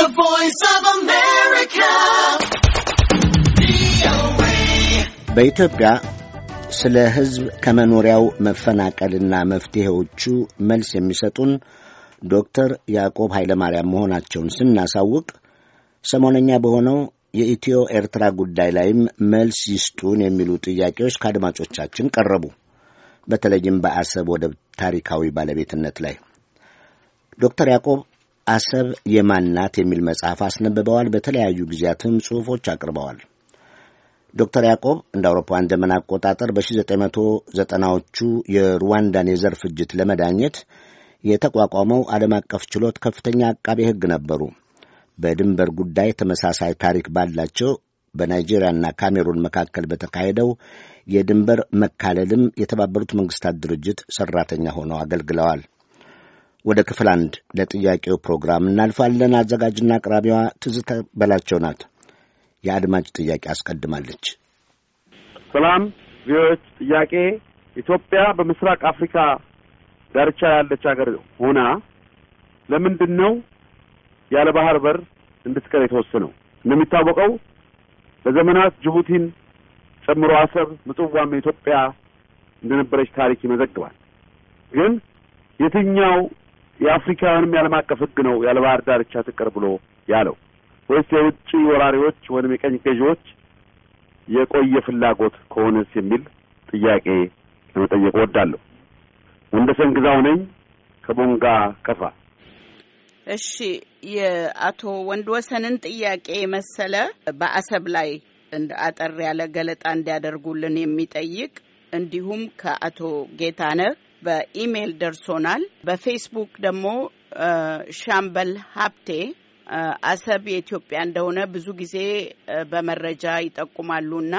The Voice of America. በኢትዮጵያ ስለ ሕዝብ ከመኖሪያው መፈናቀልና መፍትሔዎቹ መልስ የሚሰጡን ዶክተር ያዕቆብ ኃይለማርያም መሆናቸውን ስናሳውቅ ሰሞነኛ በሆነው የኢትዮ ኤርትራ ጉዳይ ላይም መልስ ይስጡን የሚሉ ጥያቄዎች ከአድማጮቻችን ቀረቡ። በተለይም በአሰብ ወደብ ታሪካዊ ባለቤትነት ላይ ዶክተር ያዕቆብ አሰብ የማናት የሚል መጽሐፍ አስነብበዋል። በተለያዩ ጊዜያትም ጽሑፎች አቅርበዋል። ዶክተር ያዕቆብ እንደ አውሮፓውያን ዘመን አቆጣጠር በ1990ዎቹ የሩዋንዳን የዘር ፍጅት ለመዳኘት የተቋቋመው ዓለም አቀፍ ችሎት ከፍተኛ አቃቤ ሕግ ነበሩ። በድንበር ጉዳይ ተመሳሳይ ታሪክ ባላቸው በናይጄሪያና ካሜሩን መካከል በተካሄደው የድንበር መካለልም የተባበሩት መንግስታት ድርጅት ሠራተኛ ሆነው አገልግለዋል። ወደ ክፍል አንድ ለጥያቄው ፕሮግራም እናልፋለን። አዘጋጅና አቅራቢዋ ትዝተ በላቸው ናት። የአድማጭ ጥያቄ አስቀድማለች። ሰላም ቪዎች ጥያቄ ኢትዮጵያ በምስራቅ አፍሪካ ዳርቻ ያለች ሀገር ሆና ለምንድን ነው ያለ ባህር በር እንድትቀር የተወሰነው? እንደሚታወቀው በዘመናት ጅቡቲን ጨምሮ አሰብ፣ ምጽዋም የኢትዮጵያ እንደነበረች ታሪክ ይመዘግባል። ግን የትኛው የአፍሪካውያንም የዓለም አቀፍ ህግ ነው ያለ ባህር ዳርቻ ትቅር ብሎ ያለው ወይስ የውጭ ወራሪዎች ወይም የቀኝ ገዢዎች የቆየ ፍላጎት ከሆነስ የሚል ጥያቄ ለመጠየቅ እወዳለሁ። ወንደሰን ግዛው ነኝ ከቦንጋ ከፋ። እሺ የአቶ ወንድ ወሰንን ጥያቄ መሰለ በአሰብ ላይ አጠር ያለ ገለጣ እንዲያደርጉልን የሚጠይቅ እንዲሁም ከአቶ ጌታነህ በኢሜይል ደርሶናል። በፌስቡክ ደግሞ ሻምበል ሀብቴ አሰብ የኢትዮጵያ እንደሆነ ብዙ ጊዜ በመረጃ ይጠቁማሉ እና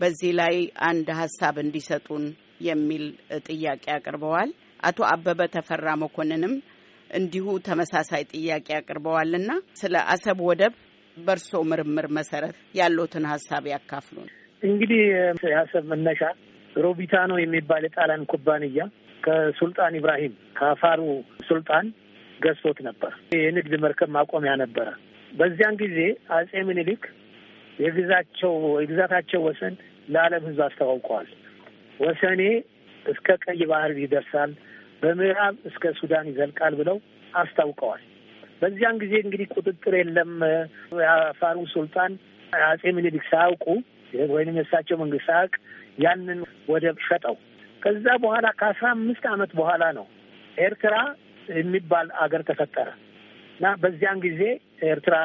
በዚህ ላይ አንድ ሀሳብ እንዲሰጡን የሚል ጥያቄ አቅርበዋል። አቶ አበበ ተፈራ መኮንንም እንዲሁ ተመሳሳይ ጥያቄ አቅርበዋልና ስለ አሰብ ወደብ በእርሶ ምርምር መሰረት ያለትን ሀሳብ ያካፍሉን። እንግዲህ የአሰብ መነሻ ሮቢታኖ የሚባል የጣሊያን ኩባንያ ከሱልጣን ኢብራሂም ከአፋሩ ሱልጣን ገዝቶት ነበር። የንግድ መርከብ ማቆሚያ ነበረ። በዚያን ጊዜ አጼ ምኒልክ የግዛቸው የግዛታቸው ወሰን ለዓለም ሕዝብ አስተዋውቀዋል። ወሰኔ እስከ ቀይ ባህር ይደርሳል፣ በምዕራብ እስከ ሱዳን ይዘልቃል ብለው አስታውቀዋል። በዚያን ጊዜ እንግዲህ ቁጥጥር የለም። የአፋሩ ሱልጣን አጼ ምኒልክ ሳያውቁ ወይም የእሳቸው መንግስት ሳያውቅ ያንን ወደብ ሸጠው። ከዛ በኋላ ከአስራ አምስት አመት በኋላ ነው ኤርትራ የሚባል አገር ተፈጠረ እና በዚያን ጊዜ ኤርትራ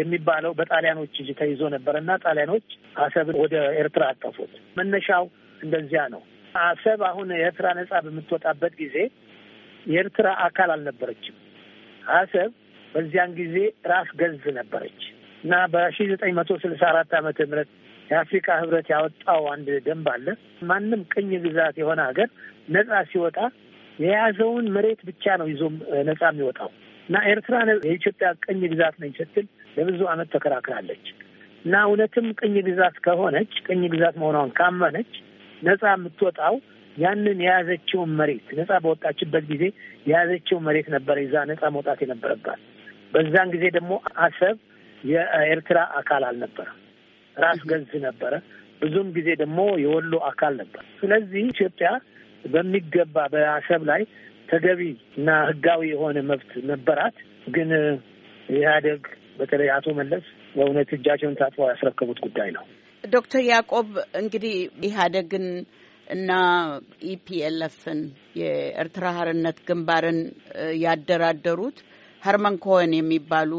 የሚባለው በጣሊያኖች እጅ ተይዞ ነበረ እና ጣሊያኖች አሰብን ወደ ኤርትራ አጠፉት። መነሻው እንደዚያ ነው። አሰብ አሁን የኤርትራ ነጻ በምትወጣበት ጊዜ የኤርትራ አካል አልነበረችም። አሰብ በዚያን ጊዜ ራስ ገዝ ነበረች እና በሺ ዘጠኝ መቶ ስልሳ አራት ዓመተ ምህረት የአፍሪካ ህብረት ያወጣው አንድ ደንብ አለ። ማንም ቅኝ ግዛት የሆነ ሀገር ነጻ ሲወጣ የያዘውን መሬት ብቻ ነው ይዞ ነጻ የሚወጣው እና ኤርትራ የኢትዮጵያ ቅኝ ግዛት ነኝ ስትል ለብዙ ዓመት ተከራክራለች እና እውነትም ቅኝ ግዛት ከሆነች ቅኝ ግዛት መሆኗን ካመነች ነጻ የምትወጣው ያንን የያዘችውን መሬት ነጻ በወጣችበት ጊዜ የያዘችው መሬት ነበረ ይዛ ነጻ መውጣት የነበረባት። በዛን ጊዜ ደግሞ አሰብ የኤርትራ አካል አልነበረም። ራስ ገዝ ነበረ። ብዙም ጊዜ ደግሞ የወሎ አካል ነበር። ስለዚህ ኢትዮጵያ በሚገባ በአሰብ ላይ ተገቢ እና ህጋዊ የሆነ መብት ነበራት። ግን ኢህአዴግ በተለይ አቶ መለስ በእውነት እጃቸውን ታጥበው ያስረከቡት ጉዳይ ነው። ዶክተር ያዕቆብ እንግዲህ ኢህአዴግን እና ኢፒኤልኤፍን የኤርትራ ሀርነት ግንባርን ያደራደሩት ሀርማን ኮሆን የሚባሉ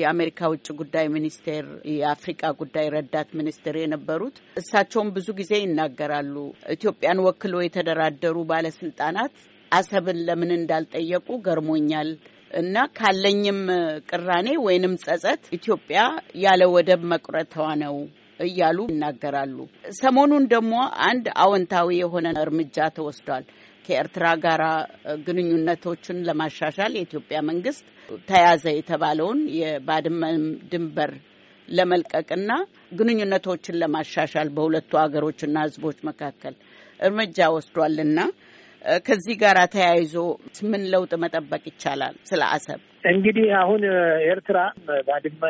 የአሜሪካ ውጭ ጉዳይ ሚኒስቴር የአፍሪቃ ጉዳይ ረዳት ሚኒስትር የነበሩት እሳቸውም ብዙ ጊዜ ይናገራሉ። ኢትዮጵያን ወክሎ የተደራደሩ ባለስልጣናት አሰብን ለምን እንዳልጠየቁ ገርሞኛል እና ካለኝም ቅራኔ ወይንም ጸጸት ኢትዮጵያ ያለ ወደብ መቁረቷ ነው እያሉ ይናገራሉ። ሰሞኑን ደግሞ አንድ አዎንታዊ የሆነ እርምጃ ተወስዷል። ከኤርትራ ጋር ግንኙነቶችን ለማሻሻል የኢትዮጵያ መንግስት ተያዘ የተባለውን የባድመ ድንበር ለመልቀቅና ግንኙነቶችን ለማሻሻል በሁለቱ ሀገሮችና ህዝቦች መካከል እርምጃ ወስዷልና ከዚህ ጋር ተያይዞ ምን ለውጥ መጠበቅ ይቻላል? ስለ አሰብ እንግዲህ አሁን ኤርትራ ባድመ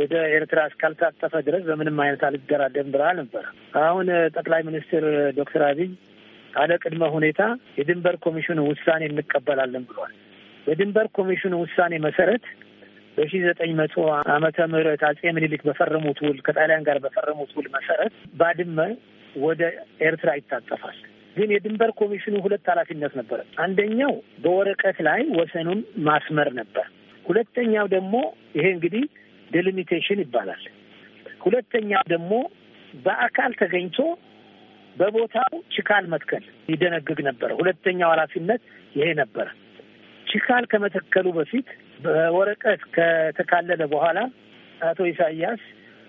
ወደ ኤርትራ እስካልታጠፈ ድረስ በምንም አይነት አልደራደርም ብላ ነበር። አሁን ጠቅላይ ሚኒስትር ዶክተር አብይ ካለ ቅድመ ሁኔታ የድንበር ኮሚሽኑ ውሳኔ እንቀበላለን ብሏል። በድንበር ኮሚሽኑ ውሳኔ መሰረት በሺ ዘጠኝ መቶ አመተ ምህረት አጼ ምኒልክ በፈረሙት ውል ከጣሊያን ጋር በፈረሙት ውል መሰረት ባድመ ወደ ኤርትራ ይታጠፋል። ግን የድንበር ኮሚሽኑ ሁለት ኃላፊነት ነበረ። አንደኛው በወረቀት ላይ ወሰኑን ማስመር ነበር። ሁለተኛው ደግሞ ይሄ እንግዲህ ዴሊሚቴሽን ይባላል። ሁለተኛው ደግሞ በአካል ተገኝቶ በቦታው ችካል መትከል ይደነግግ ነበረ። ሁለተኛው ኃላፊነት ይሄ ነበረ። ችካል ከመተከሉ በፊት በወረቀት ከተካለለ በኋላ አቶ ኢሳያስ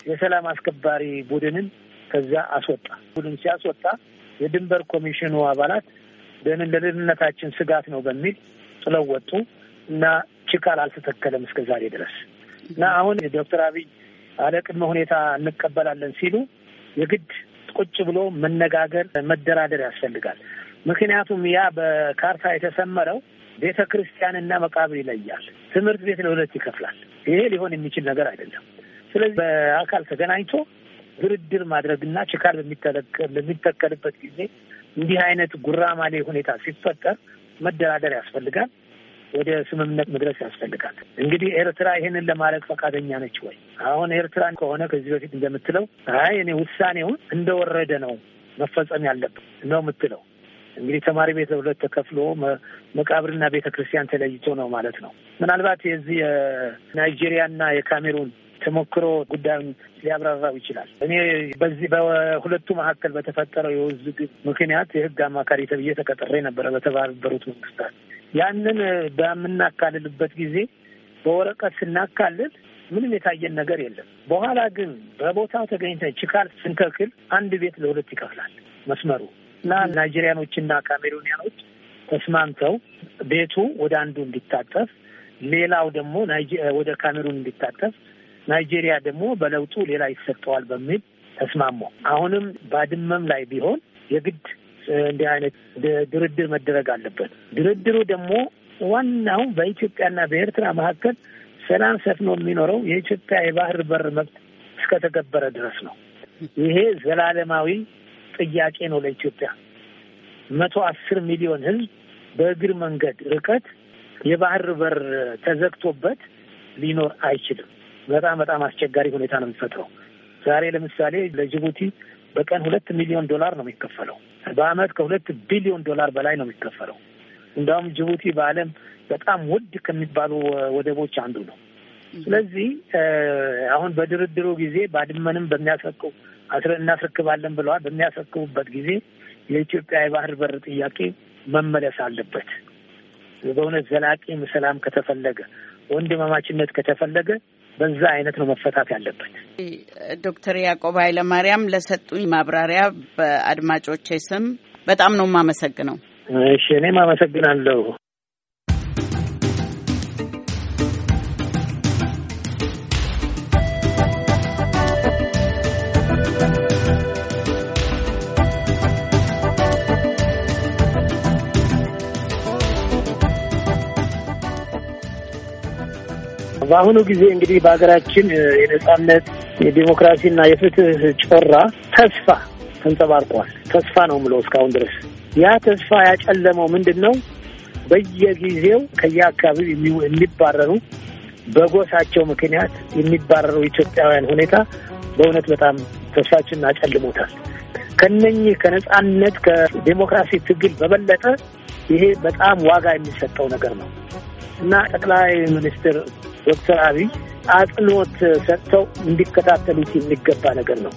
የሰላም አስከባሪ ቡድንን ከዛ አስወጣ። ቡድን ሲያስወጣ የድንበር ኮሚሽኑ አባላት ደህንን ለደህንነታችን ስጋት ነው በሚል ጥለው ወጡ እና ችካል አልተተከለም እስከ ዛሬ ድረስ እና አሁን ዶክተር አብይ አለቅድመ ሁኔታ እንቀበላለን ሲሉ የግድ ቁጭ ብሎ መነጋገር፣ መደራደር ያስፈልጋል። ምክንያቱም ያ በካርታ የተሰመረው ቤተ ክርስቲያንና መቃብር ይለያል። ትምህርት ቤት ለሁለት ይከፍላል። ይሄ ሊሆን የሚችል ነገር አይደለም። ስለዚህ በአካል ተገናኝቶ ድርድር ማድረግና ችካል በሚተከልበት ጊዜ እንዲህ አይነት ጉራማሌ ሁኔታ ሲፈጠር መደራደር ያስፈልጋል። ወደ ስምምነት መድረስ ያስፈልጋል። እንግዲህ ኤርትራ ይሄንን ለማድረግ ፈቃደኛ ነች ወይ? አሁን ኤርትራ ከሆነ ከዚህ በፊት እንደምትለው አይ እኔ ውሳኔውን እንደወረደ ነው መፈጸም ያለብን ነው የምትለው። እንግዲህ ተማሪ ቤት ለሁለት ተከፍሎ መቃብርና ቤተ ክርስቲያን ተለይቶ ነው ማለት ነው። ምናልባት የዚህ የናይጄሪያና የካሜሩን ተሞክሮ ጉዳዩን ሊያብራራው ይችላል። እኔ በዚህ በሁለቱ መካከል በተፈጠረው የውዝግብ ምክንያት የህግ አማካሪ ተብዬ ተቀጥሬ ነበረ በተባበሩት መንግስታት ያንን በምናካልልበት ጊዜ በወረቀት ስናካልል ምንም የታየን ነገር የለም። በኋላ ግን በቦታው ተገኝተን ችካል ስንተክል አንድ ቤት ለሁለት ይከፍላል መስመሩ እና ናይጄሪያኖችና ካሜሩኒያኖች ተስማምተው ቤቱ ወደ አንዱ እንዲታጠፍ፣ ሌላው ደግሞ ወደ ካሜሩን እንዲታጠፍ፣ ናይጄሪያ ደግሞ በለውጡ ሌላ ይሰጠዋል በሚል ተስማሙ። አሁንም ባድመም ላይ ቢሆን የግድ እንዲህ አይነት ድርድር መደረግ አለበት። ድርድሩ ደግሞ ዋናው በኢትዮጵያና በኤርትራ መካከል ሰላም ሰፍኖ የሚኖረው የኢትዮጵያ የባህር በር መብት እስከተገበረ ድረስ ነው። ይሄ ዘላለማዊ ጥያቄ ነው ለኢትዮጵያ። መቶ አስር ሚሊዮን ህዝብ በእግር መንገድ ርቀት የባህር በር ተዘግቶበት ሊኖር አይችልም። በጣም በጣም አስቸጋሪ ሁኔታ ነው የሚፈጥረው። ዛሬ ለምሳሌ ለጅቡቲ በቀን ሁለት ሚሊዮን ዶላር ነው የሚከፈለው። በአመት ከሁለት ቢሊዮን ዶላር በላይ ነው የሚከፈለው። እንዲሁም ጅቡቲ በዓለም በጣም ውድ ከሚባሉ ወደቦች አንዱ ነው። ስለዚህ አሁን በድርድሩ ጊዜ ባድመንም በሚያስረክቡ እናስረክባለን ብለዋል። በሚያስረክቡበት ጊዜ የኢትዮጵያ የባህር በር ጥያቄ መመለስ አለበት። በእውነት ዘላቂ ሰላም ከተፈለገ ወንድማማችነት ከተፈለገ በዛ አይነት ነው መፈታት ያለበት። ዶክተር ያዕቆብ ኃይለማርያም ለሰጡኝ ማብራሪያ በአድማጮቼ ስም በጣም ነው የማመሰግነው። እሺ እኔም አመሰግናለሁ። በአሁኑ ጊዜ እንግዲህ በሀገራችን የነጻነት የዲሞክራሲና የፍትህ ጮራ ተስፋ ተንጸባርቋል። ተስፋ ነው ምለው እስካሁን ድረስ። ያ ተስፋ ያጨለመው ምንድን ነው? በየጊዜው ከየአካባቢው የሚባረሩ በጎሳቸው ምክንያት የሚባረሩ ኢትዮጵያውያን ሁኔታ በእውነት በጣም ተስፋችን አጨልሞታል። ከነኚህ ከነጻነት ከዴሞክራሲ ትግል በበለጠ ይሄ በጣም ዋጋ የሚሰጠው ነገር ነው። እና ጠቅላይ ሚኒስትር ዶክተር አብይ አጽንኦት ሰጥተው እንዲከታተሉት የሚገባ ነገር ነው።